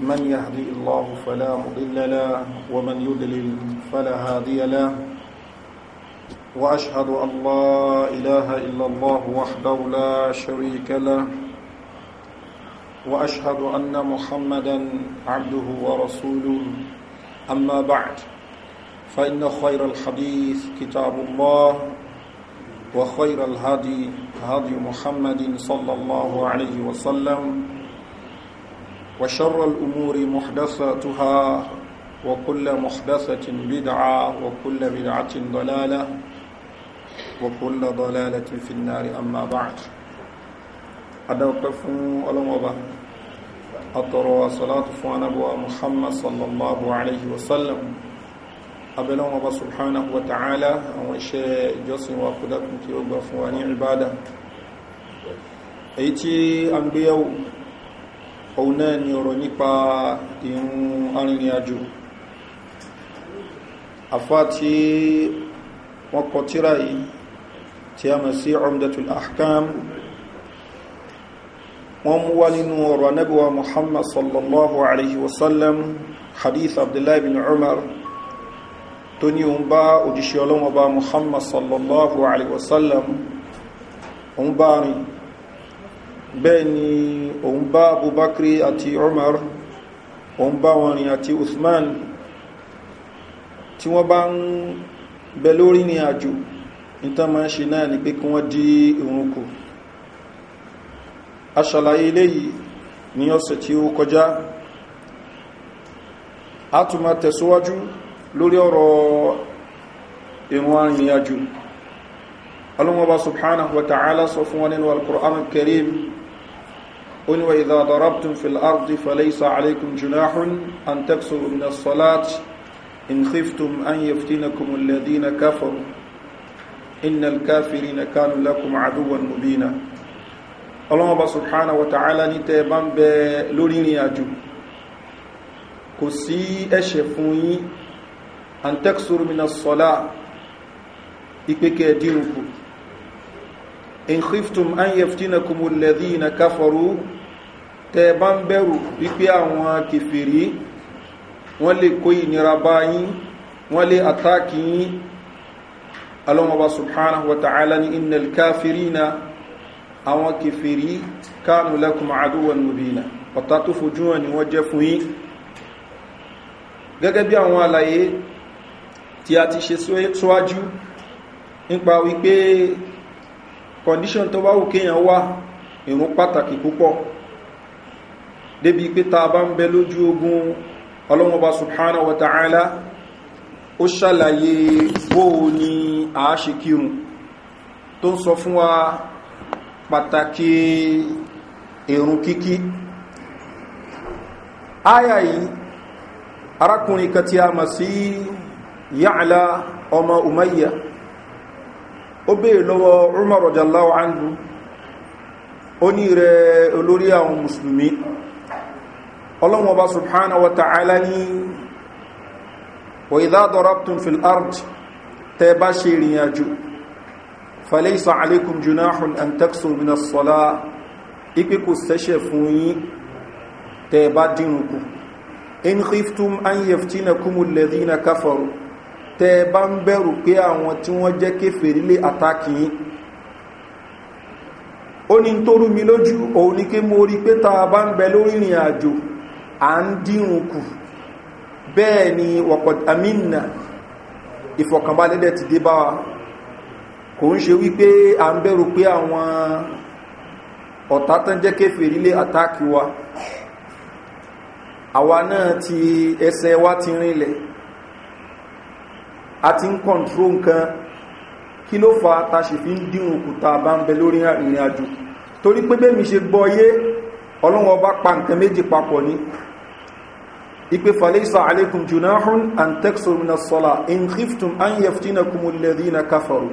من يهدي الله فلا مضل له ومن يضلل فلا هادي له واشهد ان لا اله الا الله وحده لا شريك له واشهد ان محمدا عبده ورسوله اما بعد فان خير الحديث كتاب الله وخير الهدي هدي محمد صلى الله عليه وسلم وشر الأمور محدثاتها وكل محدثة بدعة وكل بدعة ضلالة وكل ضلالة في النار أما بعد أدوقف ألمبا أطر صلاة فوانبوى محمد صلى الله عليه وسلم أبلغ سبحانه وتعالى وإشاء جسم وقدكم كيوبا فواني عبادة أيتي أنبياء òun náà ni ọ̀rọ̀ nípa ìrún arìnrìnàjò afá tí wọ́n kọ tíra yìí tí a mọ̀ sí ọmọdétul ahkam wọ́n mú wá nínú ọ̀rọ̀ anábíwa muhammad sallallahu alaihi wasallam hadith abdullahi bin umar tó ní òun bá òjíṣẹ́ ọlọ́wọ́ bá muhammad sallallahu alaihi wasallam òun bá rìn bẹ́ẹ̀ ni òun bá abubakri àti omar òun bá wọn rìn àti uthman tí wọ́n bá ń bẹ lórí ní àjò nítan máa ń ṣe náà ni pé kí wọ́n dí ìrun kù aṣàlàyé eléyìí ní ọ̀sẹ̀ tí ó kọjá a tún máa tẹ̀síwájú lórí ọ̀rọ̀ ìrun arìnrìn àjò subhanahu wa ta'ala sọ fún wọn nínú alkùrọ̀ amẹ́kẹrẹ́mù قل وإذا ضربتم في الأرض فليس عليكم جناح أن تكسروا من الصلاة إن خفتم أن يفتنكم الذين كفروا إن الكافرين كانوا لكم عدوا مبينا الله أبا سبحانه وتعالى نتيبان بلوريني أجو كسي أشفوني أن تكسروا من الصلاة إكبكي دينكم إن خفتم أن يفتنكم الذين كفروا tẹ bá ń bẹ̀rù wípé àwọn kèfèrí wọ́n lè kó ìnira bá yín wọ́n lè àtàkì yín alọ́mọba subhanahu wa ta'ala ní innal kafirina àwọn kèfèrí kánú lakum aduwan mubina ọ̀tá tó fojú wọn ni wọ́n jẹ́ fún yín gẹ́gẹ́ bí àwọn àlàyé tí a ti ṣe síwájú nípa wípé condition tó bá wù kéèyàn wá ìrún pàtàkì púpọ̀ débi pé ta bá ń bẹ lójú ogun ọlọ́mọba subhanahu wa ta'ala ó ṣàlàyé bóò ni a ṣe kírun tó ń sọ fún wa pàtàkì èrùn kíkí áyà yìí arákùnrin kan tí a mọ̀ sí yàlá ọmọ umayya ó bèèrè lọ́wọ́ umar rajallahu anhu ó ní rẹ̀ olórí àwọn musulmi ọlọ́wọ́n bá subhana wa ta'ala ní wà ìdá dọ̀rọ̀pùtùn fil art tẹ bá ṣe ìrìn àjò falẹ́sà alaikum junahun and texo mina sọlá ipe kò sẹ́ṣẹ̀ fún yí tẹ bá dínú kù in khiftum an yeftina kumul ladina kafaru tẹ bá ń bẹ̀rù pé àwọn tí wọ́n jẹ́ kéfèrí àtàkì yí ó ní tó mi lójú òun ni kí mo rí pé ta bá ń bẹ lórí ìrìn àjò à ń dínrùn kù bẹ́ẹ̀ ni wọ̀pọ̀ amínà ìfọ̀kànbalẹ́dẹ̀ ti dé bá wa kò ń ṣe wípé à ń bẹ̀rù pé àwọn ọ̀tá jẹ́ kéfèrí àtàkì wa àwa náà ti ẹsẹ̀ wa ti rinlẹ̀ a ti ń kọ̀ntró nǹkan kí ló fa ta ṣe fi ń dín òkúta bá ń bẹ lórí ìrìn àjò torí pé bẹ́ẹ̀ mi ṣe gbọ́ yé ọlọ́wọ́ bá pa nǹkan méjì papọ̀ ni ipe falisa alaikum junahun an texo min as-sala in khiftum an yaftinakum alladhina kafaru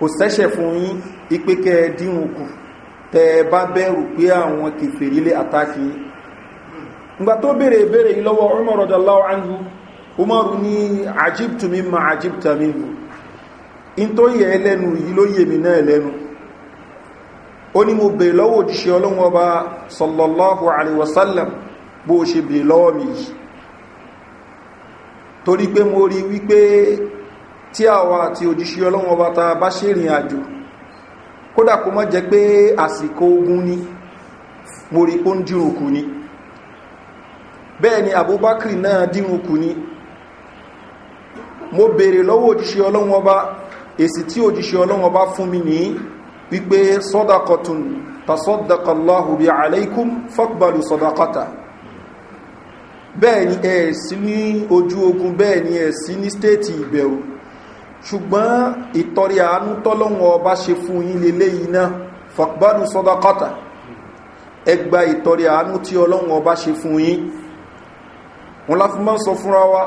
kò sẹ́ṣẹ̀ fún yín ipe kẹ́ dínwó kù tẹ́ bá bẹ̀rù pé àwọn kèfèrí lé àtàkì yín ngbà tó bèèrè ìbéèrè yìí lọ́wọ́ Umar radallahu anhu Umar ní ajibtu mimma ajibta minhu in tó yẹ ẹlẹ́nu yìí ló yẹ mi náà ẹlẹ́nu ó ní mo bèèrè lọ́wọ́ òjíṣẹ́ Ọlọ́hun Ọba sallallahu alaihi wasallam bó ṣe bèè lọ́wọ́ mi yìí torí pé mo rí wípé tí àwa àti òjíṣẹ́ ọlọ́wọ́n bá ta bá ṣe ìrìn àjò kódà kó mọ́ jẹ́ pé àsìkò ogun ni mo rí pé ó ń dírun kù ni bẹ́ẹ̀ ni abubakri náà dírun kù ni mo bèèrè lọ́wọ́ òjíṣẹ́ ọlọ́wọ́n bá èsì tí òjíṣẹ́ ọlọ́wọ́n bá fún mi ní wípé sọ́dakọ̀tún tasọ́dakọ̀lọ́hùbí aláìkún fọ́kbalù sọ́dakọ̀ta bẹ́ẹ̀ ni ẹ̀ sí ní ojú ogun bẹ́ẹ̀ ni ẹ̀ sí ní stéètì ìbẹ̀rù ṣùgbọ́n ìtọrí àánú tọ́lọ́wọ́ ọba ṣe fún yín lélé yìí náà fàkbánu sọ́dọ́kọ́ta ẹgbà ìtọrí àánú tí ọlọ́wọ́ ọba ṣe fún yín wọn láfi máa ń sọ fúnra wa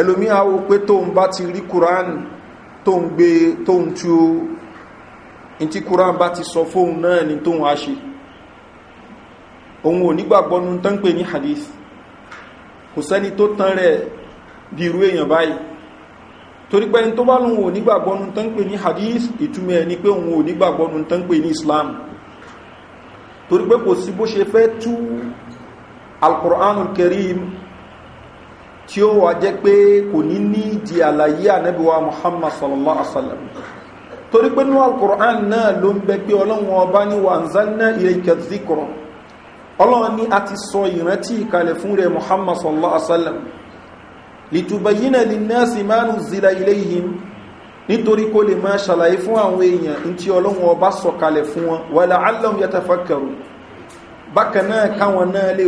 ẹlòmí àwọ pé tóun bá ti rí ni hadith kò sẹ́ni tó tán rẹ̀ bí irú èèyàn báyìí torí pé ẹni tó bá lóun ò nígbàgbọ́nu tán pè ní hadith ìtumọ̀ ẹni pé òun ò nígbàgbọ́nu tán pè ní islam torí pé kò sí bó ṣe fẹ́ tú alkùránù kẹrìm tí ó wà jẹ́ pé kò ní ní ìdí àlàyé ànẹ́bíwá muhammad sallallahu alaihi wasallam torí ní alkùránù náà ló ń bẹ pé ọlọ́run ọba ní wà ń zanná ilẹ̀ ìkẹtìkọ̀rọ̀ ọlọ́run ní a ti sọ ìrántí ìkalẹ̀ fún rẹ̀ muhammad sallallahu alaihi wasallam litubayina linnasi manu zila ilayhim nítorí kó lè máa ṣàlàyé fún àwọn èèyàn in tí ọlọ́run ọba sọ kalẹ̀ fún wọn wà láàlọ́m yàtà fàkàrù bákan náà káwọn náà lè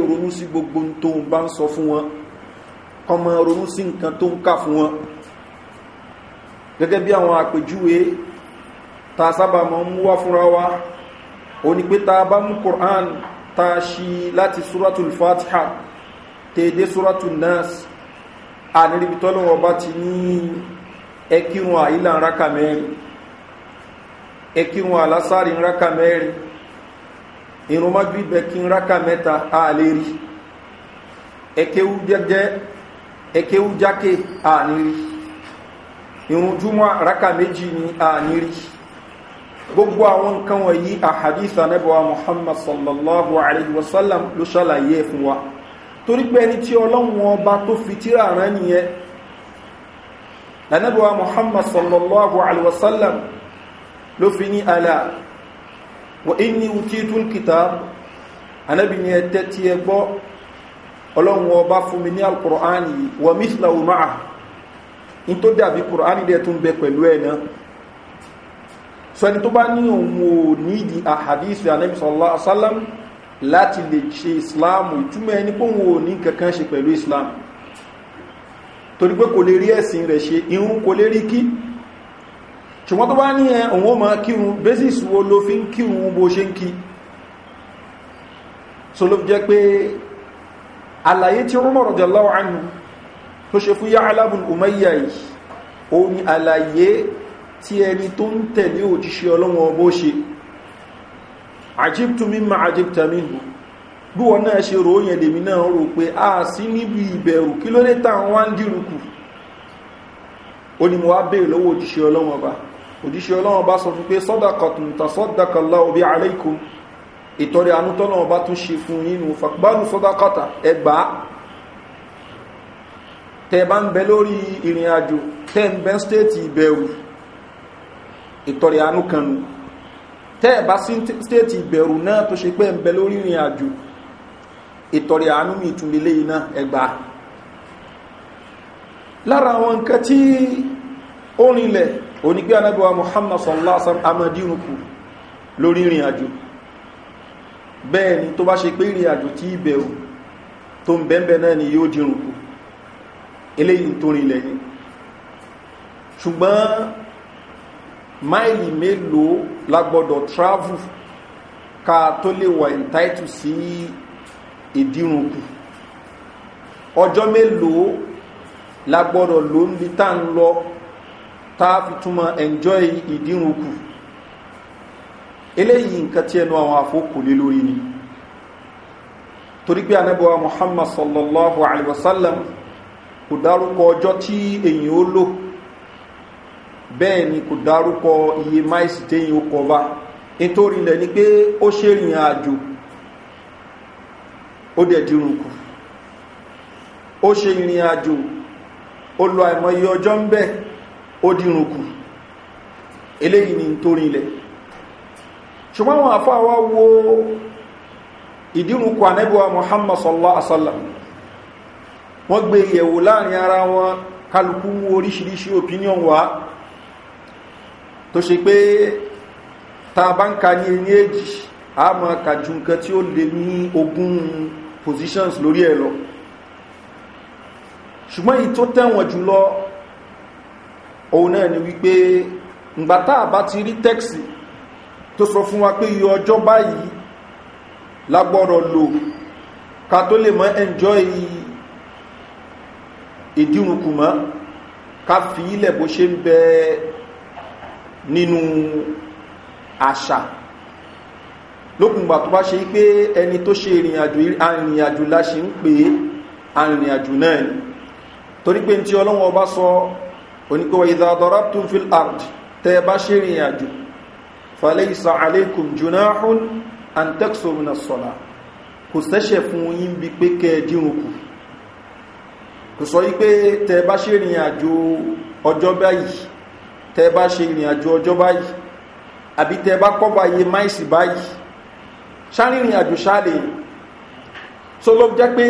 ta ṣí láti suratul fatiha tèdè suratul nas a ní ríbi tọ́lọ́wọ́ bá ti ní ẹkírun àìlà ráka mẹ́rin ẹkírun àlásàrí ráka mẹ́rin ìrùnmọ́gbígbẹ̀ kí ráka mẹ́ta a lè rí ẹkéwú a ní rí ìrùnjúmọ́ ráka méjì ni a ní rí gbogbo àwọn nǹkan wọ̀nyí àhàdísà nẹ́bọ̀wà muhammad sallallahu alaihi wasallam ló ṣàlàyé fún wa torí pé ẹni tí ọlọ́run ọba tó fi tíra rán nìyẹn lẹ́nẹ́bọ̀wà muhammad sallallahu alaihi wasallam ló fi ní alá wà ní utítul kitab anábì ni ẹ̀tẹ́ tí ẹ gbọ́ ọlọ́run ọba fún mi ní alkùrọ̀ánì wà mísìlá so ẹni tó bá ní òun ò nídi àhàdísù ànábì sallallahu alaihi wasallam láti lè ṣe ìsìláàmù ìtumọ̀ ẹni pé òun ò ní kankan ṣe pẹ̀lú ìsìláàmù torí pé kò lè rí ẹ̀sìn rẹ̀ ṣe irun kò lè rí kí ṣùgbọ́n tó bá ní òun ó kírun basis wo ló fi ń kírun bó ṣe ń kí so ló jẹ́ pé àlàyé tí Umar radiyallahu anhu tó ṣe fún Ya'la ibn yìí ó ní àlàyé tí ẹni tó ń tẹ̀lé òjíṣẹ́ ọlọ́wọ́n bó ṣe àjíptù mímọ̀ àjíptà mímù bí wọ́n náà ṣe rò yẹn lèmi náà rò pé a sí níbi ìbẹ̀rù kí ló dé táwọn wá ń dìrùkù ó ní mo wá bèèrè lọ́wọ́ òjíṣẹ́ ọlọ́wọ́n bá òjíṣẹ́ ọlọ́wọ́n bá sọ fún pé sọ́dàkọ̀tùn tàṣọ́dàkọ̀lá ìtọrẹ àánú kan nu tẹ́ ẹ̀ bá sí stéètì ìbẹ̀rù náà tó ṣe pé ń bẹ lórí ìrìn àjò ìtọrẹ mi ìtún lélẹ́ iná ẹgbà lára àwọn nǹkan tí ó rinlẹ̀ onígbé anábíwá muhammad sallallahu alaihi wasallam amadínukù lórí ìrìn àjò bẹ́ẹ̀ ni tó bá ṣe pé ìrìn àjò tí ìbẹ̀rù tó ń bẹ́ẹ̀bẹ̀ náà ni yóò dìrùnkù eléyìí tó rinlẹ̀ ni ṣùgbọ́n máìlì mélòó la travel ká tó lè wà entitled sí ìdírùnkù ọjọ́ mélòó la gbọ́dọ̀ ló ń bi ń lọ tá fi túmọ̀ enjoy ìdírùnkù eléyìí nǹkan tí ẹnu àwọn àfókò lé lórí ni torí pé anábọ̀wá muhammad sallallahu alaihi wasallam kò dárúkọ ọjọ́ tí èyí ó lò bẹ́ẹ̀ ni kò dárúkọ iye máìsì téyìn ó kọba nítorí ilẹ̀ ni pé ó ṣe rìn àjò ó dẹ̀ dírun kù ó ṣe ìrìn àjò ó lọ àìmọye ọjọ́ ń ó kù eléyìí ni nítorí ilẹ̀ ṣùgbọ́n àwọn àfáwà wo ìdírun kù muhammad sallallahu alaihi wasallam wọ́n gbé yẹ̀wò láàrin ara wọn kálukú oríṣiríṣi opinion wa tó ṣe pé ta bá ń ka ní ẹni èjì a mọ̀ kàjú nǹkan tí ó lè ní ogún positions lórí ẹ̀ lọ ṣùgbọ́n èyí tó tẹ̀wọ̀n jùlọ òun náà ni wípé ngbàtà bá ti rí tẹ́ksì tó sọ fún wa pé iye ọjọ́ báyìí lágbọ́rọ̀ lò ká tó lè mọ́ enjoy ìdírùnkù mọ́ ká fi ilẹ̀ bó ṣe ń bẹ́ẹ̀ nínú àṣà lókùngbà tó bá ṣe pé ẹni tó ṣe ìrìnàjò láṣe ń pè arìnrìnàjò náà ni torí pé tí ọlọ́wọ́ bá sọ oníkọwà ìdádọ́rá tún fi ard tẹ́ bá ṣe ìrìnàjò falẹ́ ìsà aléìkùn junahun and texorina sọ́la kò sẹ́ṣẹ̀ tẹ́ bá ṣe ìrìn àjò ọjọ́ báyìí àbí tẹ́ bá kọ́bà iye máìsì báyìí ṣárìnrìn àjò ṣáàlè so ló jẹ́ pé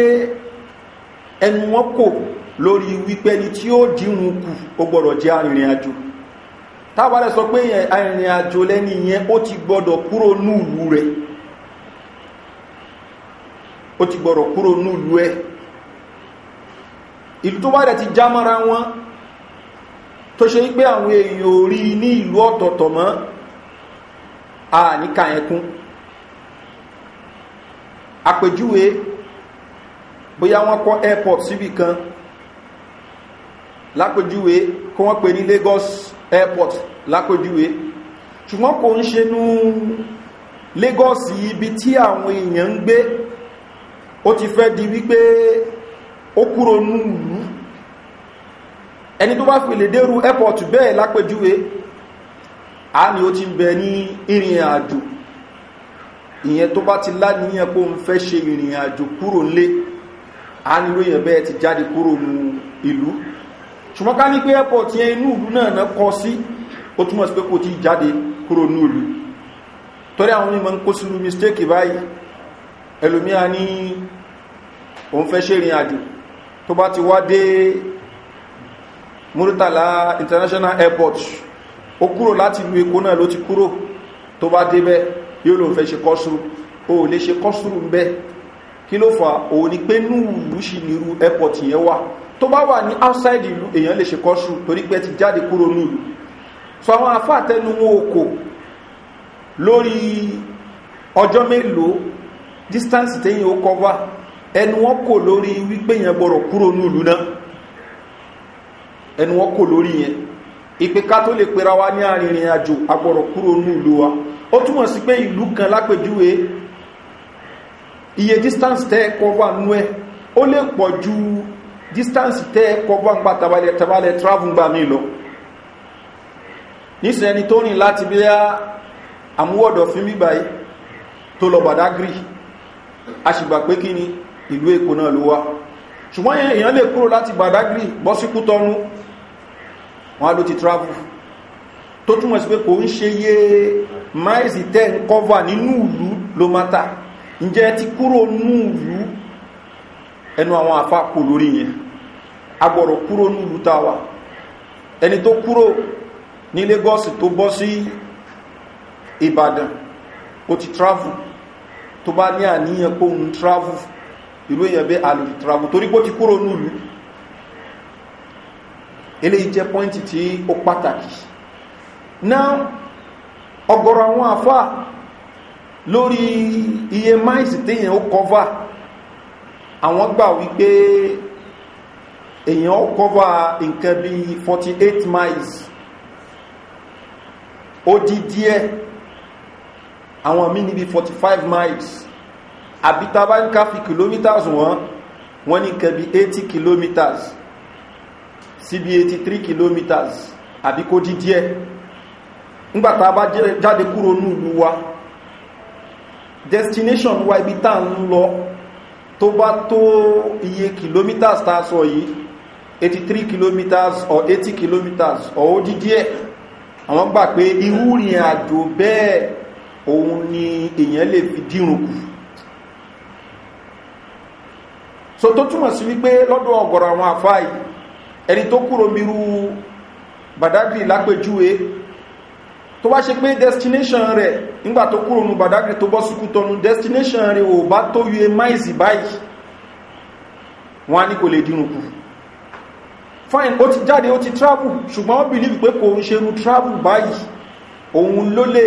ẹnu wọn kò lórí wípé ni tí ó dìhun kù ó gbọ́dọ̀ jẹ́ arìnrìn àjò tábàlẹ̀ sọ pé arìnrìn àjò lẹ́ni yẹn ó ti gbọ́dọ̀ kúrò núùlú rẹ̀ ó ti gbọ́dọ̀ kúrò núùlú ẹ̀ ìlú tó bá dẹ̀ ti já mọ́ra wọn tó ṣe pé àwọn èèyàn ò rí ní ìlú ọ̀tọ̀ọ̀tọ̀ mọ́ àníkà ẹkún àpèjúwe bóyá wọ́n kọ́ airport síbì kan lápèjúwe kí wọ́n pè ní lagos airport lápèjúwe ṣùgbọ́n kò ń ṣe nú lagos ibi tí àwọn èèyàn ń gbé ó ti fẹ́ di wípé ó kúrò nú ìlú ẹni tó bá fi lè dérú airport bẹ́ẹ̀ lápẹjúwe a ni ó ti ń bẹ ní ìrìn àjò ìyẹn tó bá ti láníyàn pé òun fẹ́ ṣe ìrìn àjò kúrò nlé a ni lóyìn bẹ́ẹ̀ ti jáde kúrò nu ìlú ṣùgbọ́n ká ní pé airport yẹn inú ìlú náà ná kọ sí ó túnmọ̀ sí pé kò tí jáde kúrò ní ìlú torí àwọn onímọ̀ ń kó sínú mistake báyìí ẹlòmíà ní òun fẹ́ ṣe ìrìn àjò tó bá ti wá dé muritala international airport ó kúrò láti ìlú èkó náà ló ti kúrò tó bá débẹ̀ yóò lò fẹ́ ṣe kọ́sùrù o lè ṣe kọ́sùrù ń bẹ́ kí ló fà òun ni pé núùlù sí nírú airport yẹn wà tó bá wà ní outside ìlú èèyàn lè ṣe kọ́sùrù torí pé ti jáde kúrò núùlù so àwọn afáàtẹnu wọn okò lórí ọjọ́ mélòó distance tẹ́yìn ó kọ́ wà ẹnu wọn kò lórí wípé yẹn gbọ́rọ̀ kúrò núùlù náà ẹnu wọn kò lórí yẹn ìpè ká tó lè pera wa ní arìnrìn àjò agbọ̀rọ̀ kúrò ní ìlú wa ó túmọ̀ sí pé ìlú kan lápèjúwe iye distance tẹ́ kọ́gbà nú ẹ ó lè pọ̀ ju distance tẹ́ kọ́gbà ń gba tabalẹ̀ tabalẹ̀ travel gbà mí lọ nísìnyẹn ni tó rìn láti bí a àmúwọ̀dọ̀ fún bíbá yìí tó lọ bàdágírì a sì gbà pé kí ni ìlú èkó náà ló wá ṣùgbọ́n èèyàn lè kúrò láti bàdágírì bọ́síkú tọrún wọ́n ló ti travel tó túnmọ̀ sí pé kò ń ṣe yé máìsì tẹ́ ń kọ́và nínú ìlú ló mátà ǹjẹ́ ti kúrò nínú ìlú ẹnu àwọn àfá kò lórí yẹn agbọ̀rọ̀ kúrò nínú ìlú táwà ẹni tó kúrò ní lagos tó bọ́ sí ìbàdàn ó ti travel tó bá ní àníyàn pé òun travel ìlú èèyàn bẹ́ àlòdì travel torí pé ó ti kúrò nínú ìlú eléyìí jẹ́ pọ́ìntì tí ó pàtàkì náà ọgọ́rọ̀ àwọn àfá lórí iye máìsì téèyàn ó kọ́và àwọn gbà wípé èèyàn ó kọ́và nǹkan bí 48 miles ó di díẹ̀ àwọn mí níbi 45 miles àbítabáńká fi kìlómítàs wọ́n wọ́n ní nǹkan bí 80 kilometers sí bí 83 kilometers àbí kó dín díẹ̀ nígbàtà bá jáde kúrò ní ìlú wa destination wa ibi tá ń lọ tó bá tó iye kilometers tá sọ yìí 83 kilometers or 80 kilometers or ó dín díẹ̀ àwọn gbà pé irú rìn àjò bẹ́ẹ̀ òun ni èèyàn lè fi dírùn kù so tó túmọ̀ sí wípé lọ́dọ̀ ọ̀gọ̀rọ̀ àwọn àfáà yìí ẹni tó kúrò mírú badagry lápẹjúwe tó bá ṣe pé destination rẹ̀ nígbà tó kúrò nù badagry tó bọ́ sukútọ́nu destination rẹ̀ ò bá tó yẹ máìsì báyìí wọ́n á ní kò lè dínú kù fine ó ti jáde ó ti travel ṣùgbọ́n ó believe pé kò ń ṣerú travel báyìí òun ló lè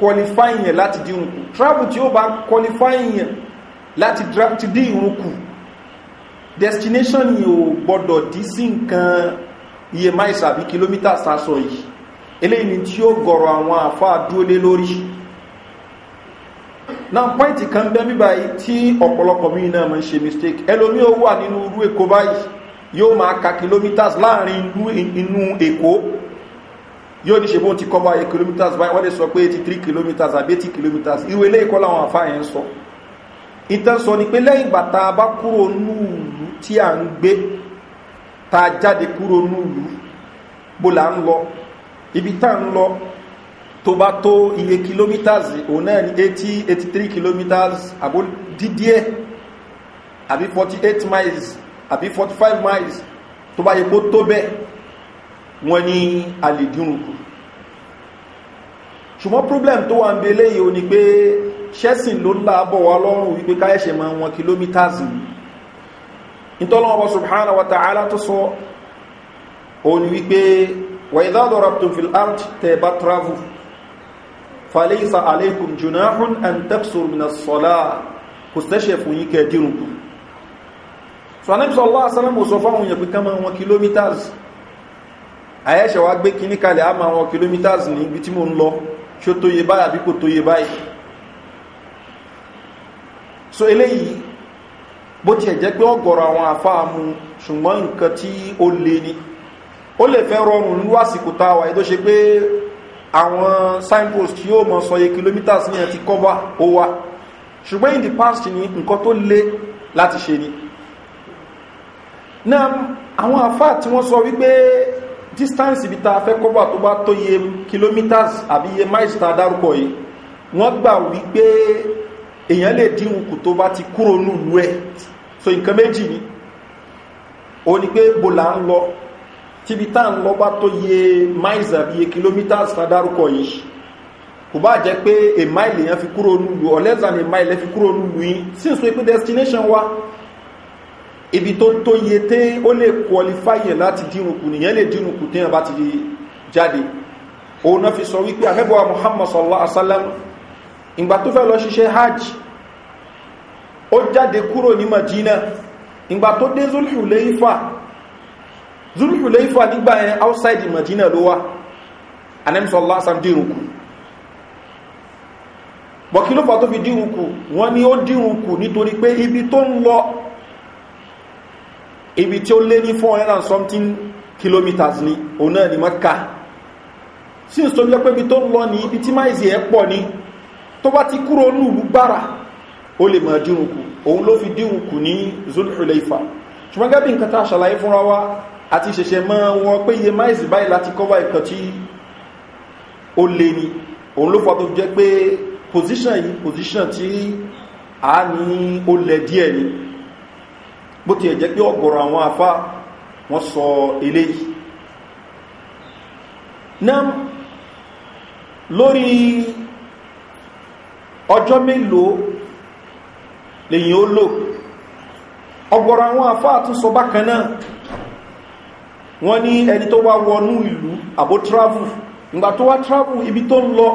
qualify yẹn láti dínú kù travel tí ó bá qualify yẹn láti dín kù destination yìí ò gbọ́dọ̀ dí sí nǹkan iye miles àbí kìlómítà sásọ yìí eléyìí ni tí ó gọ̀rọ̀ àwọn àfáà dúó lé lórí náà pọ́ìntì kan bẹ́ bíbá yìí tí ọ̀pọ̀lọpọ̀ mí náà mọ́ ṣe mistake ẹlòmí ó wà nínú irú èkó báyìí yóò máa ka kilometers láàrin inú èkó yóò ní ṣebó ti kọ́ báyìí kilometers báyìí wọ́n lè sọ pé 83 kilometers àbí 80 kilometers ìwé ilé ìkọ́ láwọn àfáà yẹn sọ so ìtàn sọ ni pé lẹ́yìn ìgbà tá a bá kúrò nú ìlú tí à ń gbé tá a jáde kúrò nú ìlú bó là ń lọ ibi tá ń lọ tó bá tó iye kilometers òun náà ni 80 83 kilometers àbó dídíẹ̀ àbí 48 miles àbí 45 miles tó bá yẹ kó tó bẹ́ẹ̀ wọ́n ní alìdúnrùkù ṣùgbọ́n problem tó wà ń belé yìí o ni pé ṣẹ́sìn ló láàbọ̀ wá lọ́rùn wípé káyẹ̀ṣẹ̀ ma wọn kìlómítàzì ìtọ́lọ́wọ́ subhana wa ta'ala tó sọ òun wípé wà ìdádọ̀ raptun fil art tẹba travel falisa alaikum junahun and tepsur mina sola kò sẹ́ṣẹ̀ fún yí kẹdírùn kù wa gbé kíníkalẹ̀ a ma wọn kìlómítàzì ní ibi tí mo ń lọ ṣó tó yẹ báyà bí tó yẹ báyìí so eléyìí bó ti ẹ̀jẹ́ pé ọgọ̀rọ̀ àwọn àfáàmù ṣùgbọ́n nǹkan tí ó le ni ó lè fẹ́ rọrùn ní wásìkò táwà ètò ṣe pé àwọn signpost tí ó mọ̀ sọye kilometers ní ẹ̀ ti kọ́bá ó wá ṣùgbọ́n in the past ni nǹkan tó le láti ṣe ni náà àwọn àfáà tí wọ́n sọ wípé distance ibi ta fẹ́ kọ́bà tó bá tó iye kilometers àbí iye miles ta dárúkọ yìí wọ́n gbà wípé èyàn lè díhun kù tó bá ti kúrò nùlú ẹ̀ so nǹkan méjì ni o ní pé bòlá ń lọ tíbi tá ń lọ bá tó yẹ miles àbí iye kilometers ta yìí kò bá jẹ́ pé a mile èyàn fi kúrò nùlú or less than mile fi kúrò nùlú yìí since wípé destination wa ibi tó tó yẹ té ó lè qualify yẹn láti díhun kù nìyẹn lè díhun kù téèyàn bá ti jáde òun náà fi sọ wípé àfẹ́bọ̀wá muhammad sallallahu alaihi wa sallam ìgbà tó fẹ́ lọ ṣiṣẹ́ hajj ó jáde kúrò ní madina ìgbà tó dé zulhuleifa zulhuleifa nígbà yẹn outside madina ló wá anẹ́mísọ́ lásán dírùkù bọ̀ kí ló fà tó fi dírùkù wọ́n ni ó dírùkù nítorí pé ibi tó ń lọ ibi tí ó lé ní 400 something kilometers ni òun náà ni maka sí ìsọ́jọ́ pé ibi tó ń lọ ní ibi tí máìsì ẹ̀ pọ̀ ni tó bá ti kúrò ní ìlú gbára ó lè máa dírun kù òun ló fi dírun kù ní zulhuleifa ṣùgbọ́n gẹ́bí nǹkan tá ṣàlàyé fúnra wa àti ṣẹ̀ṣẹ̀ mọ́ wọn pé iye máìsì báyìí láti kọ́wà ìkan tí ó lè ní òun ló fọ́ jẹ́ pé position yìí position tí a ní ó lẹ díẹ̀ ni bó ti ẹ̀jẹ́ pé ọgọ̀rọ̀ àwọn afá wọ́n sọ eléyìí náà lórí ọjọ́ mélòó lèyìn ó lò ọgbọ̀rọ̀ àwọn àfáà tún sọ bákan náà wọ́n ní ẹni tó wá wọnú ìlú àbó travel ìgbà tó wá travel ibi tó ń lọ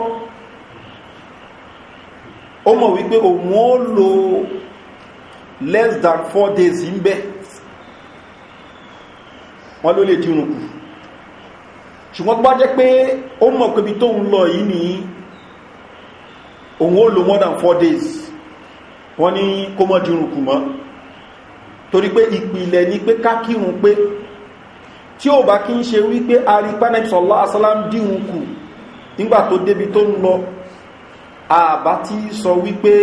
ó mọ̀ wípé òun ó lo less than four days ń bẹ́ wọ́n ló lè dínrùn kù ṣùgbọ́n pé ó mọ̀ pé ibi tó ń lọ yìí nìyí òun ó lo more than four days wọ́n ní kó mọ́ dìrùn kù mọ́ torí pé ìpìlẹ̀ ni pé kákírùn pé tí ó bá kí ń ṣe wípé aripánẹ́sọ̀lá asálám dìrùn kù nígbà tó débi tó ń lọ àbá tí sọ wípé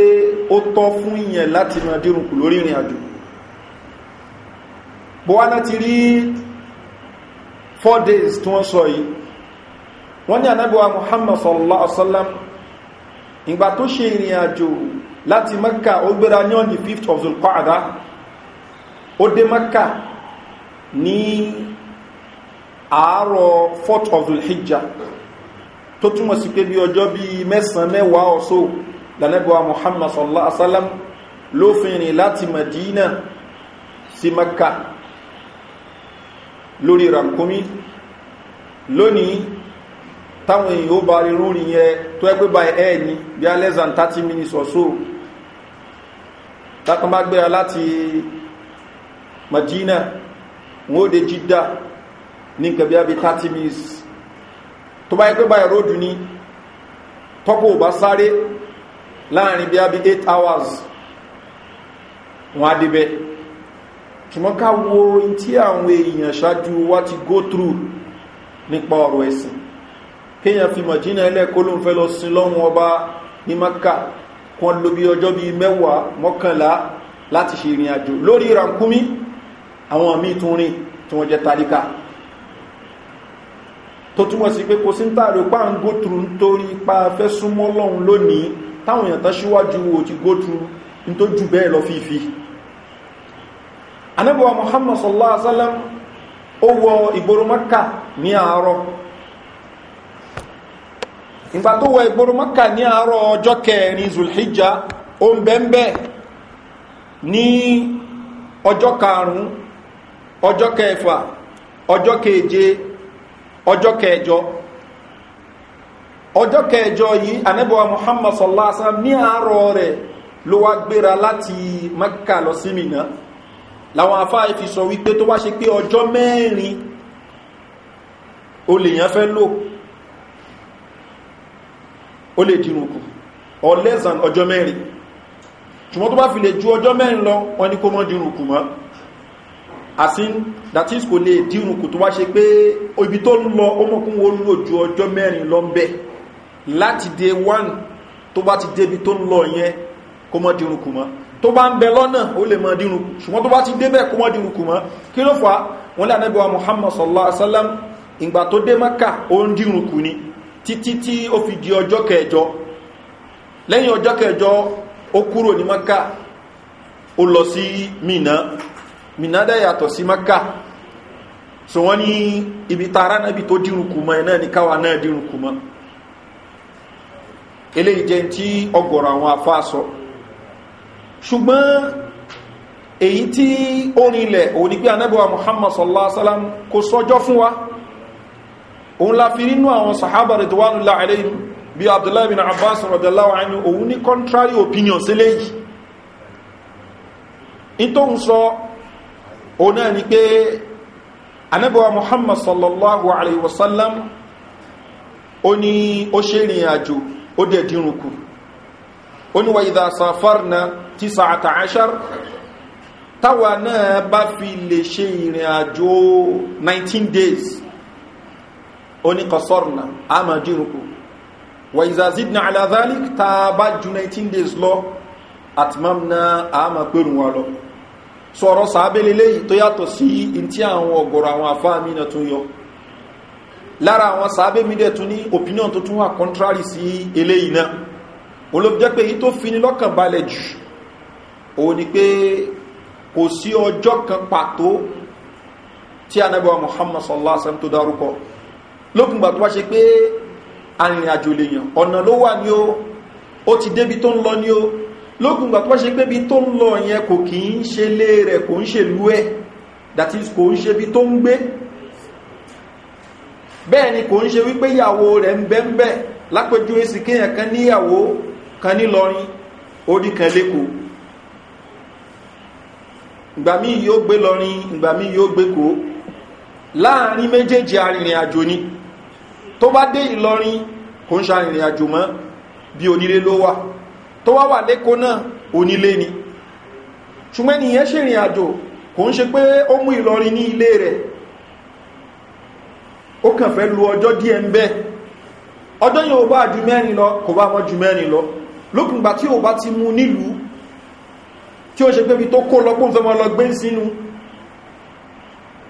ó tọ́ fún ìyẹn láti mọ́ dìrùn kù lórí ìrìn àjò bọ́wádá ti rí four days tí wọ́n sọ yìí wọ́n ní anábíwá muhammad sallallahu alaihi wasallam ìgbà tó ṣe ìrìn àjò láti mẹ́kà ó gbéra ní ọ̀nì 5th of zulqaada ó dé mẹ́kà ní àárọ̀ 4th of zulhijjah tó túnmọ̀ sí pé bí ọjọ́ bí mẹ́sàn mẹ́wàá ọ̀sọ́ lànẹ́bọ̀wà muhammad sallallahu alaihi láti madina sí mẹ́kà lórí rankumi lónìí táwọn èèyàn ó bá rí rúrin yẹ tó ẹgbẹ́ by air ní bí i less than 30 minutes or so tákan bá gbéra láti madina wọ́n ó de jidda ní nǹkan bí i 30 minutes tó bá ẹgbẹ́ by road ní tọ́pọ̀ ò bá sáré láàrin bí i 8 hours wọ́n á débẹ̀ ṣùgbọ́n ká wo tí àwọn èèyàn ṣáájú wá ti go through nípa ọ̀rọ̀ ẹ̀sìn kéèyàn fi mọ̀jínà ẹlẹ́kó ló ń fẹ́ lọ ọba ní maka wọn lo bí ọjọ́ bí mẹ́wàá mọ́kànlá láti ṣe ìrìn àjò lórí ìrànkúmí àwọn míì tún rìn tí wọ́n jẹ́ tàríkà tó túnmọ̀ sí pé kò sí ń tààrí pa ń gótùrú nítorí pa fẹ́ súnmọ́ lọ́hun lónìí táwọn èèyàn tán síwájú wo ti gótùrú muhammad sallallahu alaihi ó wọ ìgboro maka ní àárọ̀ ìgbà tó wọ ìgboro maka ní àárọ̀ ọjọ́ kẹrin zulhijja ó ń ni ní ọjọ́ karùn-ún ọjọ́ kẹfà ọjọ́ keje ọjọ́ kẹjọ ọjọ́ kẹjọ yìí anẹ́bọ̀wà muhammad sallásá ní àárọ̀ rẹ̀ ló wá gbéra láti mọ́kà lọ sí mìíràn láwọn afá ìfi sọ wípé tó wá ṣe pé ọjọ́ mẹ́rin olèyàn fẹ́ lò ó lè dínú kù or less than ọjọ́ mẹ́rin ṣùgbọ́n tó bá fi lè ju ọjọ́ mẹ́rin lọ wọ́n ní kó mọ́ dínú kù mọ́ asin that is kò lè dínú kù tó wá ṣe pé ibi tó ń lọ ó mọ̀kún wo lò ju ọjọ́ mẹ́rin lọ ń bẹ̀ láti day one tó bá ti débi tó ń lọ yẹn kó mọ́ dínú kù mọ́ tó bá ń bẹ lọ́nà ó lè mọ́ dínú ṣùgbọ́n tó bá ti débẹ̀ kó mọ́ dínú kù mọ́ kí ló fà wọ́n lè anábẹ́wà muhammad sallallahu alaihi wasallam ìgbà tó dé maka ó ń dínú kù ni títí tí ó fi di ọjọ́ kẹjọ lẹ́yìn ọjọ́ kẹjọ ó kúrò ní maka ó lọ sí mina mina dẹ̀ yàtọ̀ sí maka so wọ́n ní ibi tààrà náàbì tó dírùnkù mọ́ ẹ̀ náà ní káwà náà dírùnkù mọ́ eléyìí jẹ́ tí ọgọ̀rọ̀ àwọn afá sọ ṣùgbọ́n èyí tí ó rinlẹ̀ òní pé anábíwa muhammad sallallahu alaihi wasallam kò sọjọ́ fún wa òun la fi nínú àwọn sàhábà rẹ̀ tó wà nílá àlẹ́yìn bí abdullahi bin abbas rọ̀dẹ̀láwà ní òun ní contrary opinion sí léyìí in tó ń sọ òun náà ni pé anábíwa muhammad sallallahu alaihi wasallam ó ní ó ṣe ìrìn àjò ó dẹ̀ dínrùn kù ó ní wáyé dàṣàfàr na tí sàátà àṣàr táwa náà bá fi lè ṣe ìrìn àjò 19 days oni kọsọ́rùnà a ma dínrùkù wà ìzàzídìnà aláàzálìk ta bá ju 19 days lọ àtìmám na a ma pèrún wa lọ sọ̀rọ̀ sàábélélé tó yàtọ̀ sí in tí àwọn ọgọ̀rọ̀ àwọn àfáàmì na tún lara lára àwọn sàábémídẹ̀ tún ní opinion tó tún wà contrary sí eléyìí náà olóbìjẹ́ pé yí tó fi ní lọ́kàn balẹ̀ jù òun ni pé kò sí ọjọ́ kan pàtó tí anábẹ́wà muhammad sallallahu alaihi wasallam tó daruko lókùngbà tó wá ṣe pé arìnrìn àjò lèyàn ọ̀nà ló wà ní o ó ti débi tó ń lọ ní o lókùngbà tó wá ṣe pé bí tó ń lọ yẹn kò kì í ṣe lé rẹ̀ kò ń ṣe lú ẹ̀ that is kò ń ṣe bí tó ń gbé bẹ́ẹ̀ ni kò ń ṣe wípé ìyàwó rẹ̀ ń bẹ́ ń bẹ́ lápẹjú èsì kéèyàn kan níyàwó kan nílọrin orí kan lẹ́kọ̀ọ́ ìgbà míì yóò gbé lọrin ìgbà míì yóò gbé kó láàrin méjèèjì arìnrìn àjò ni. Ko tó bá dé ìlọrin kò ń ṣàrìnrìn àjò mọ́ bí onílé ló wà tó wá wà lẹ́kọ́ náà onílé ni ṣùgbọ́n ènìyàn ṣèrìn àjò kò ń ṣe pé ó mú ìlọrin ní ilé rẹ̀ ó kàn fẹ́ lu ọjọ́ díẹ̀ ń bẹ́ ọjọ́ yóò bá jù mẹ́rin lọ kò bá mọ́ jù mẹ́rin lọ lókùngbà tí ò bá ti mú nílùú tí ó ṣe pé bí tó kó lọ kó ń fẹ́ mọ́ lọ gbé sínú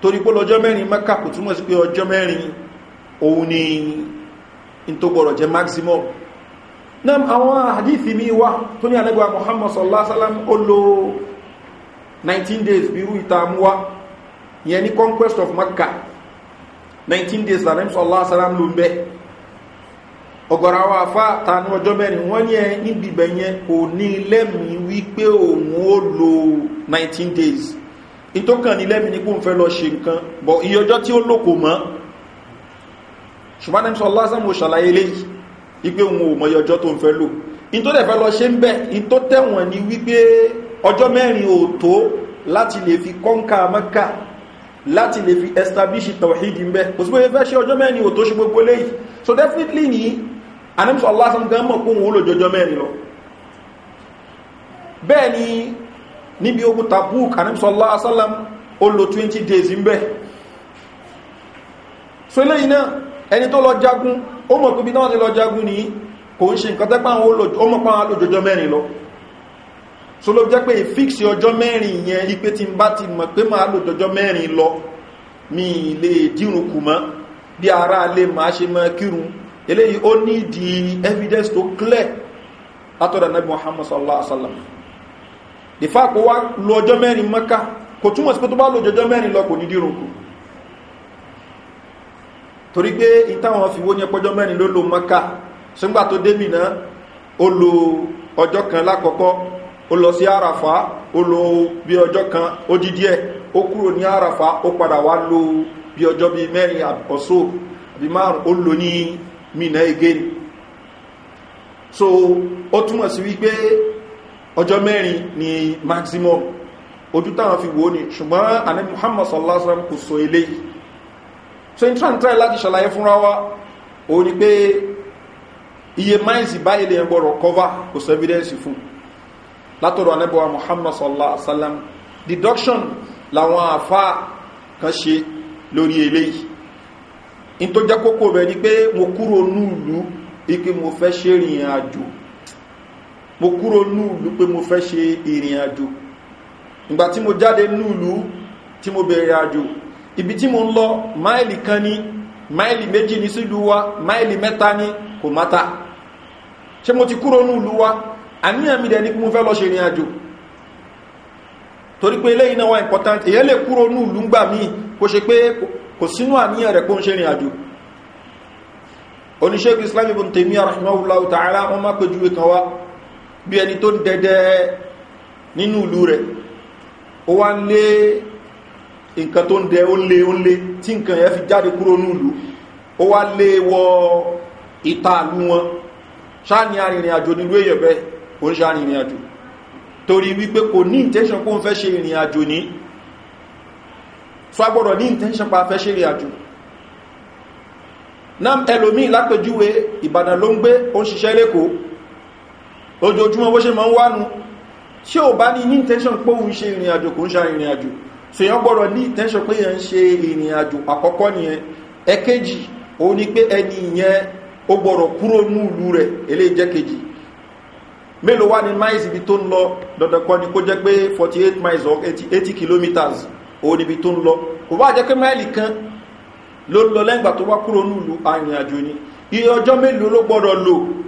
torí pé lọ́jọ́ mẹ́rin mẹ́kà kò túnmọ̀ sí pé ọjọ́ mẹ́rin òun ni in tó gbọ́rọ̀ jẹ maximum náà àwọn àdífì mi wá tó ní alẹ́gbà mohamed sallásálám ó lo 19 days bí irú ìtààmúwá yẹn ní conquest of mecca 19 days lànà sallásálám ló ń bẹ́ ọgọ̀rọ̀ àwọn afá tàánú ọjọ́ mẹ́rin wọ́n ní ẹ níbi ìbẹ̀yẹn kò ní lẹ́mìí wípé òun ó lo 19 days ìtókàn ní lẹ́mí ní kún fẹ́ lọ ṣe nǹkan bọ̀ iye ọjọ́ tí ó lòkò mọ́ ṣùgbọ́n sọ lásánmò ṣàlàyé léyìí wípé òun ò mọ̀ ọjọ́ tó ń fẹ́ lò in tó dẹ̀fẹ́ lọ ṣe ń bẹ́ in tó tẹ̀wọ̀n ni wípé ọjọ́ mẹ́rin ò tó láti lè fi kọ́ńkà mọ́kà láti lè fi establish tawhid ń bẹ́ kò sí pé fẹ́ ṣe ọjọ́ mẹ́rin ò tó ṣe gbogbo léyìí so definitely ni anamsọ lásán gan mọ̀ kóhun níbi ogun tabuk anamsọ́lá asálàm ó lo 20 days ń bẹ́ so ilé iná ẹni tó lọ jagun o mọ̀ pípí náà ti lọ jagun ní kò ń ṣe nǹkan tẹ́pá ó mọ̀ pàá lójọjọ́ mẹ́rin lọ so ló jẹ́ pé ìfíksì ọjọ́ mẹ́rin yẹn ipé ti bá ti mọ̀ pé máa lójọjọ́ mẹ́rin lọ mi lè dírun kù mọ́ bí ara lè máa ṣe mọ́ kírun eléyìí ó ní ìdí evidence tó clear látọ̀dọ̀ nẹ́bí muhammad sallallahu alaihi wasallam the fact kó wá lo ọjọ́ mẹ́rin mọ́ká kò túnmọ̀ sí pé tó bá lo ọjọ́ mẹ́rin lọ kò ní dírun kù torí pé ìtàwọn fi wó ní ẹpọjọ́ mẹ́rin ló lo mọ́ká ṣùgbà tó débì náà ó lo ọjọ́ kan lákọ̀ọ́kọ́ ó lọ sí àràfà ó lo bí ọjọ́ kan ó dídí ẹ̀ ó kúrò ní àràfà ó padà wá lo bí ọjọ́ bí mẹ́rin ọ̀sọ́ àbí márùn ó lo ní mìnà again so ó túnmọ̀ sí wípé ọjọ́ mẹ́rin ni maximum ojú táwọn fi wò ní ṣùgbọ́n àní muhammad sallallahu alaihi wasallam kò sọ ilé so intrantry láti ṣàlàyé fúnra wa o ni pé iye maizi báyìí lè gbọ́rọ̀ cover kò sọ evidence fún látọ̀rọ̀ anẹ́bọ̀wà muhammad sallallahu alaihi deduction làwọn àfá kan ṣe lórí eléyìí in tó jẹ́ kókó ni pé mo kúrò núùlú pé mo fẹ́ ṣe ìrìn àjò ìgbà tí mo jáde núùlú tí mo bẹ̀rẹ̀ àjò ibi tí mo ń lọ máìlì kan ní máìlì méjì ní sílùú wa máìlì mẹ́ta ní kò mátà ṣe mo ti kúrò núùlú wa àníyàn mi dẹ̀ ní kí mo fẹ́ lọ ṣe ìrìn àjò torí pé eléyìí náà wà important èyàn lè kúrò núùlú ń gbà míì kó ṣe pé kò sínú àníyàn rẹ̀ kó ń ṣe ìrìn àjò oníṣègùn islam wọn má bí ẹni tó ń dẹdẹ nínú ìlú rẹ̀ ó wá ń lé nǹkan tó ń dẹ ó ń lé ó ń lé tí nǹkan yẹn fi jáde kúrò ní ìlú ó wá lé wọ ìta ìlú wọn ṣáà arìnrìn àjò nílùú èèyàn bẹ́ẹ̀ ń ṣe arìnrìn àjò torí wípé kò ní intention kó ń fẹ́ ṣe ìrìn àjò ní fagbọ́dọ̀ ní intention pa fẹ́ ṣe ìrìn àjò náà ẹlòmí lápẹjúwe ìbàdàn ló ń gbé ó ń ṣiṣẹ́ lẹ́kọ̀ọ́ ojoojúmọ́ bó ṣe ma ń wánu ṣe ò bá ní ní intention pé òun ṣe ìrìn àjò kò ń ṣe ìrìn àjò so yẹn gbọ́dọ̀ ní intention pé yẹn ń ṣe ìrìn àjò àkọ́kọ́ nìyẹn ẹkẹ́jì ó ní pé ẹni ìyẹn ó gbọ́dọ̀ kúrò ní rẹ̀ eléyìí mélòó wá ní miles forty eight miles or eighty kilometres ó níbi tó ń lọ kò bá jẹ́ pé máìlì kan ló ni iye ọjọ́ mélòó ló gbọ́dọ̀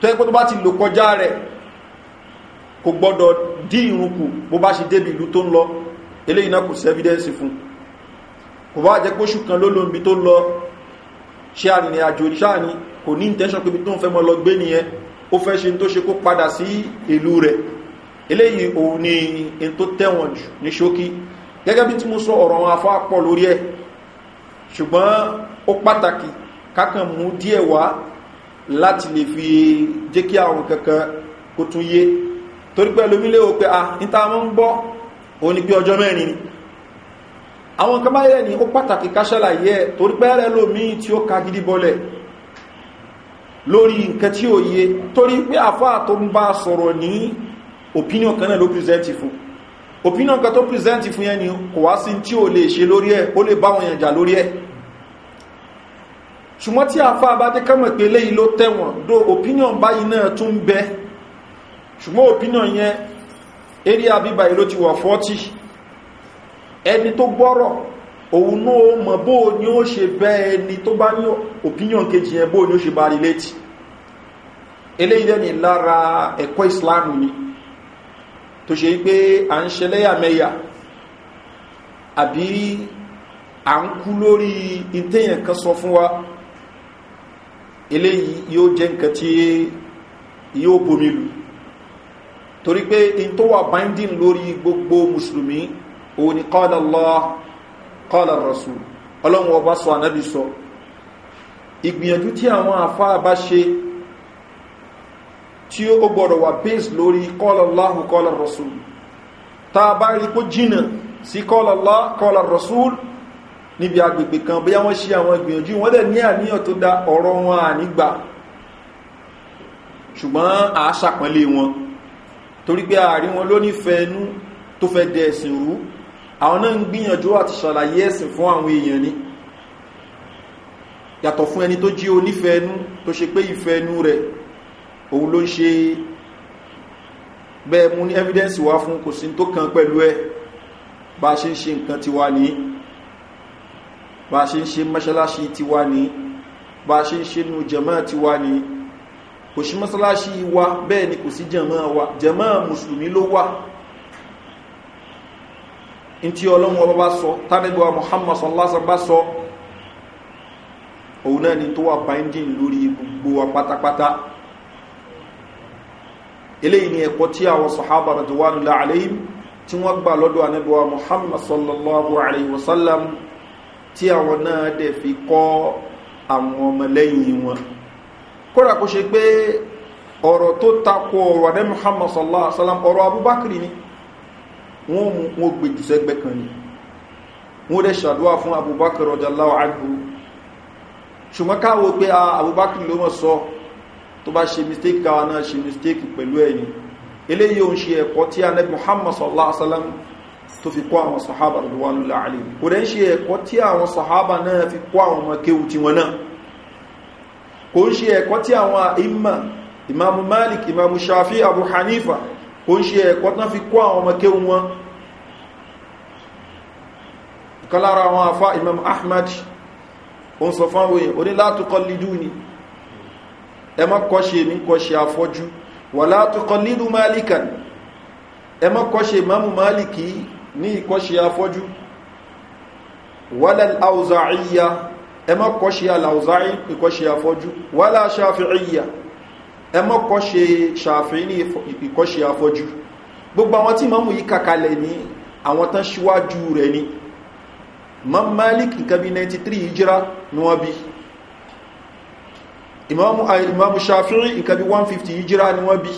tó yẹ pé tó bá ti lò kọjá rẹ̀ kò gbọ́dọ̀ dí irun kù bó bá ṣe débi ìlú tó ń lọ eléyìí náà kò sí evidence fún kò bá jẹ́ póṣù kan ló lóun bí tó lọ ṣe àrìnrìn àjò ṣáàni kò ní intention pé tó ń fẹ́ mọ́ lọ gbé nìyẹn ó fẹ́ ṣe tó ṣe kó padà sí ìlú rẹ̀ eléyìí ni in tó tẹ̀wọ̀n jù ní ṣókí gẹ́gẹ́ bí tí mo sọ ọ̀rọ̀ láti lè fi jẹ́ kí àwọn kankan kó tún yé torí pẹ̀lú mílé o pé a níta mọ́ ń gbọ́ o ní pé ọjọ́ mẹ́rin ni àwọn kan báyẹ̀ ni ó pàtàkì káṣẹ́là yẹ torí pẹ́rẹ́ lómi tí ó ka gidi bọ́lẹ̀ lórí nǹkan tí ó yé torí pé àfáà tó ń bá sọ̀rọ̀ ní opinion kan náà ló pìrìsẹ́ntì fún opinion kan tó pìrìsẹ́ntì fún yẹn ni kò wá sí tí ó lè ṣe lórí ẹ̀ ó lè bá wọn yànjà lórí ẹ̀ ṣùgbọ́n tí àfá abájẹ́ kọ́mọ̀ pé léyìí ló tẹ̀wọ̀n do opinion báyìí náà tún bẹ ṣùgbọ́n opinion yẹn eré àbíbà yìí ló ti wà 40 ẹni tó gbọ́rọ̀ òun náà mọ̀ bó ni ó ṣe bẹ́ ẹni tó bá ní opinion kejì yẹn bó ni ó ṣe bá rí létí eléyìí ni tó ṣe pé à ń ṣe lẹ́yàmẹ́yà àbí à ń kú lórí ìtẹ́yàn kan sọ fún wa eléyìí yóò jẹ́ nǹkan tí yóò bomi torí pé in tó wà binding lórí gbogbo mùsùlùmí O ni kọ́lá lọ kọ́lá rọ̀sù ọlọ́run ọba sọ ànábì sọ ìgbìyànjú tí àwọn àfáà bá ṣe tí ó gbọ́dọ̀ wà base lórí kọ́lá láhùn kọ́lá rọ̀sù tá a bá rí kó jìnà sí kọ́lá lá kọ́lá rọ̀sù níbi agbègbè kan bóyá wọ́n ṣe àwọn ìgbìyànjú wọ́n dẹ̀ ní àníyàn tó dá ọ̀rọ̀ wọn ànígbà ṣùgbọ́n a ṣàpọ́nlé wọn torí pé ààrí wọn ló nífẹ̀ẹ́ inú tó fẹ́ dẹ ẹ̀sìn rú àwọn náà ń gbìyànjú àti ṣàlàyé ẹ̀sìn fún àwọn èèyàn ni yàtọ̀ fún ẹni tó jí onífẹ̀ẹ́ inú tó ṣe pé ìfẹ́ inú rẹ̀ òun ló ń ṣe bẹ́ẹ̀ mú ní evidence wá fún kò sí tó kan pẹ̀lú ẹ bá ṣe ń ṣe nǹkan tiwa nìyí bá ṣe ń ṣe mọ́ṣáláṣí ti wá ní bá ṣe ń ṣe nú jẹ̀mọ́ ti wá ní kò sí mọ́ṣáláṣí wa bẹ́ẹ̀ ni kò sí jẹ̀mọ́ wa jẹ̀mọ́ mùsùlùmí ló wà in tí ọlọ́run ọba bá sọ tánẹ́gbẹ̀wà muhammad sallásán bá sọ òun náà ni tó wà binding lórí gbogbo wa pátápátá eléyìí ni ẹ̀kọ́ tí àwọn sọ̀hábà rẹ̀ tó wà nílẹ̀ àlẹ́yìn tí wọ́n gbà lọ́dọ̀ ànẹ́gbẹ̀wà muhammad sallallahu alaihi wasallam tí àwọn náà dẹ̀ fi kọ́ àwọn ọmọlẹ́yìn wọn kódà kó ṣe pé ọ̀rọ̀ tó takò ọ̀rọ̀ adé muhammad sallallahu alaihi wasallam ọ̀rọ̀ abubakar ni wọ́n mú gbè jù sẹ́gbẹ́ kan ni wọ́n dẹ̀ ṣàdúwà fún abubakar ọjà láwọ̀ àgbò ṣùgbọ́n káwò pé abubakar ló mọ̀ sọ tó bá ṣe mistake káwa náà muhammad sallallahu alaihi wasallam tó fi kọ́ àwọn sahaba rọ̀lúwánúlá alì kò dẹ́ ń ṣe ẹ̀kọ́ tí àwọn sahaba náà fi kọ́ àwọn ọmọ kéwù tí wọn náà kò ń ṣe ẹ̀kọ́ tí àwọn imma imamu malik imamu shafi abu hanifa kò ń ṣe ẹ̀kọ́ tán fi kọ́ àwọn ọmọ kéwù wọn kalára àwọn afá imam ahmad o sọ fún oní látúkọ́ ni ẹ má kọ́ ní kọ́ afọ́jú wà látúkọ́ malikan ẹ má kọ́ imamu maliki ní ìkọ́ṣe afọ́jú wàlẹ̀ àwùzàíyà ẹmọ́ kọ́ṣe aláwùzàí ìkọ́ṣe afọ́jú wàlẹ̀ àṣàfihìyà ẹmọ́ kọ́ṣe ṣàfihì ní ìkọ́ṣe afọ́jú gbogbo àwọn tí mọ́mù yí kàkalẹ̀ ní àwọn tán ṣíwájú rẹ̀ ni mọ́m malik imamu 150 ìjírá ni wọ́n bí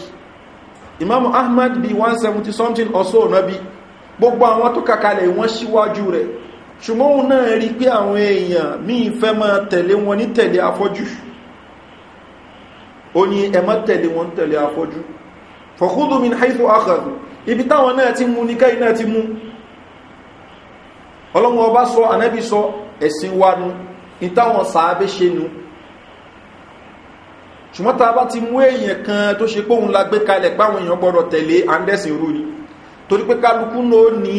imamu ahmad bí 170 something or so na gbogbo àwọn tó kàkalẹ̀ wọ́n síwájú rẹ̀ ṣùgbọ́n òun náà rí pé àwọn èèyàn míì fẹ́ máa tẹ̀lé wọn ní tẹ̀lé afọ́jú ó ní ẹmọ́ tẹ̀lé wọn tẹ̀lé afọ́jú fọ̀kúdù mi haithu akhadu ibi táwọn náà ti mú níkẹ́ iná ti mú ọlọ́run ọba sọ anábì sọ ẹ̀sìn wa nu ìtàwọn sàábé ṣe nu ṣùgbọ́n ta bá ti mú èèyàn kan tó ṣe pé òun kalẹ̀ páwọn èèyàn gbọ́dọ̀ tẹ̀lé andẹ́sìn rú torí pé kálukú ló ní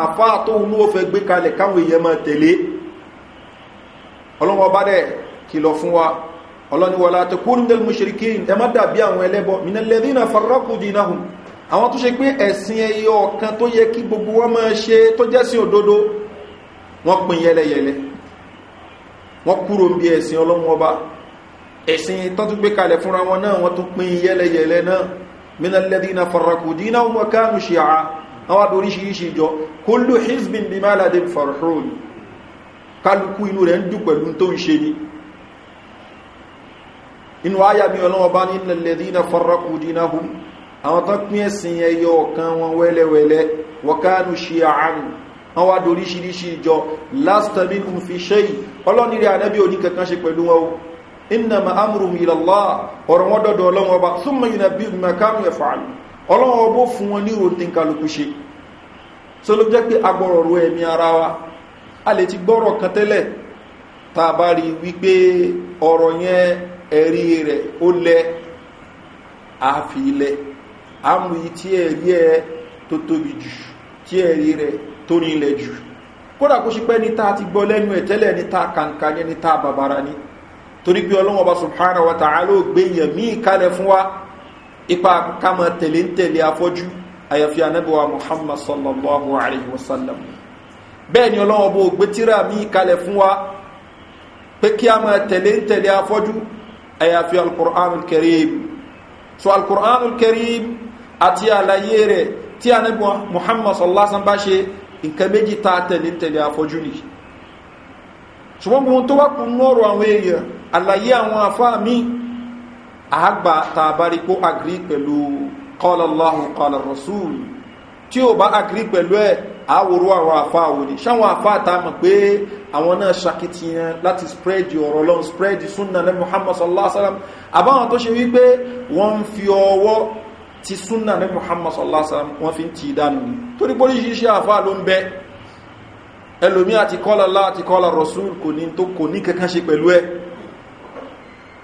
àfá tóun ló fẹ́ gbé kalẹ̀ káwọn èèyàn máa tẹ̀lé ọlọ́wọ́ bá dẹ̀ kìlọ̀ fún wa ọlọ́niwọlá tó kú ní dẹ̀lú mùsùlùmí ẹ má dàbí àwọn ẹlẹ́bọ minalẹ́dínà farakù dínàhùn àwọn tó ṣe pé ẹ̀sìn ẹyẹ ọ̀kan tó yẹ kí gbogbo wọn máa ṣe tó jẹ́sìn òdodo wọ́n pin yẹlẹyẹlẹ wọ́n من الذين فرقوا دينهم وكانوا شيعا àwọn adoríṣiríṣi ìjọ kó ló hezbin bí máa láde farhul kálukú inú rẹ̀ ń dùn pẹ̀lú tó ń ṣe ni inú ayà mi ọlọ́wọ́ bá ní lẹ́lẹ́dínà farrakù dínà hù àwọn tán pín ẹ̀sìn ẹyọ ọ̀kan wọn wẹ́lẹ́wẹ́lẹ́ wọ́kánù ṣe àánù àwọn adoríṣiríṣi ìjọ lásìtàmínú fi ṣe innama amruhum ila Allah ọ̀rọ̀ wọn dọ̀dọ̀ ọlọ́wọ́ ọba thumma yunabbihum bima kanu yaf'alun ọlọ́wọ́ ọbó fún wọn ní ròtín kálukú wa a ti gboro kan tẹ́lẹ̀ tá a bá rí wípé ọ̀rọ̀ yẹn ẹ̀rí rẹ̀ ó lẹ ti gbọ́ lẹ́nu ẹ̀ tẹ́lẹ̀ ní ta kàǹkà e ní ta torí pé ọlọ́wọ́n bá subhanahu wa ta'ala ó gbé yẹn míì kalẹ̀ fún wa ipa kama tẹ̀lé ń tẹ̀lé afọ́jú àyàfi anábíwa muhammad sallallahu alayhi wa sallam bẹ́ẹ̀ ni ọlọ́wọ́n bó gbé tíra míì kalẹ̀ fún wa pé kí a máa tẹ̀lé ń tẹ̀lé afọ́jú àyàfi alkur'an kareem so alkur'an kareem àti àlàyé rẹ̀ tí ṣùgbọ́n gbogbo tó wá kún nọ́ọ̀rọ̀ àwọn èèyàn àlàyé àwọn àfáà mi àgbà tá a bá rí pé agri pẹ̀lú kọlọlọ́hùn kọlọ rasul tí ó bá agri pẹ̀lú ẹ̀ àwòrò àwọn àfáà wò ní ṣáwọn àfáà tá a mọ̀ pé àwọn náà ṣakitiyan láti spread ọ̀rọ̀ lọ́n spread sunna ní muhammad sallallahu alaihi wasallam àbáwọn tó ṣe wípé wọ́n ń fi ọwọ́ ti sunna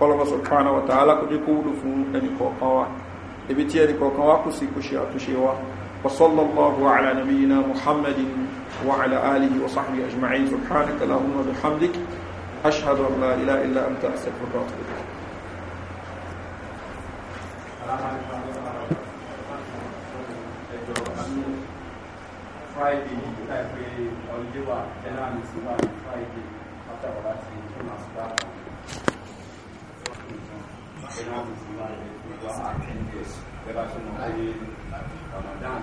kọlọ́mọ sọ̀kánà wa taala kó wúlò fún ẹnìkọ̀ọ̀kan wa ibi tí ẹnìkọ̀ọ̀kan wa kù sí kò ṣe àtúnṣe wa ala وصلى muhammadin wa ala alihi wa آله ajma'in أجمعين سبحانك اللهم وبحمدك أشهد أن لا إله إلا anta أستغفرك وأتوب إليك Friday, I pray, or you are, and I'm Friday after all that. ẹ máa bùkún láàrin ìgbà àti ìgbésí ẹ bá tún mọ pé Ramadan.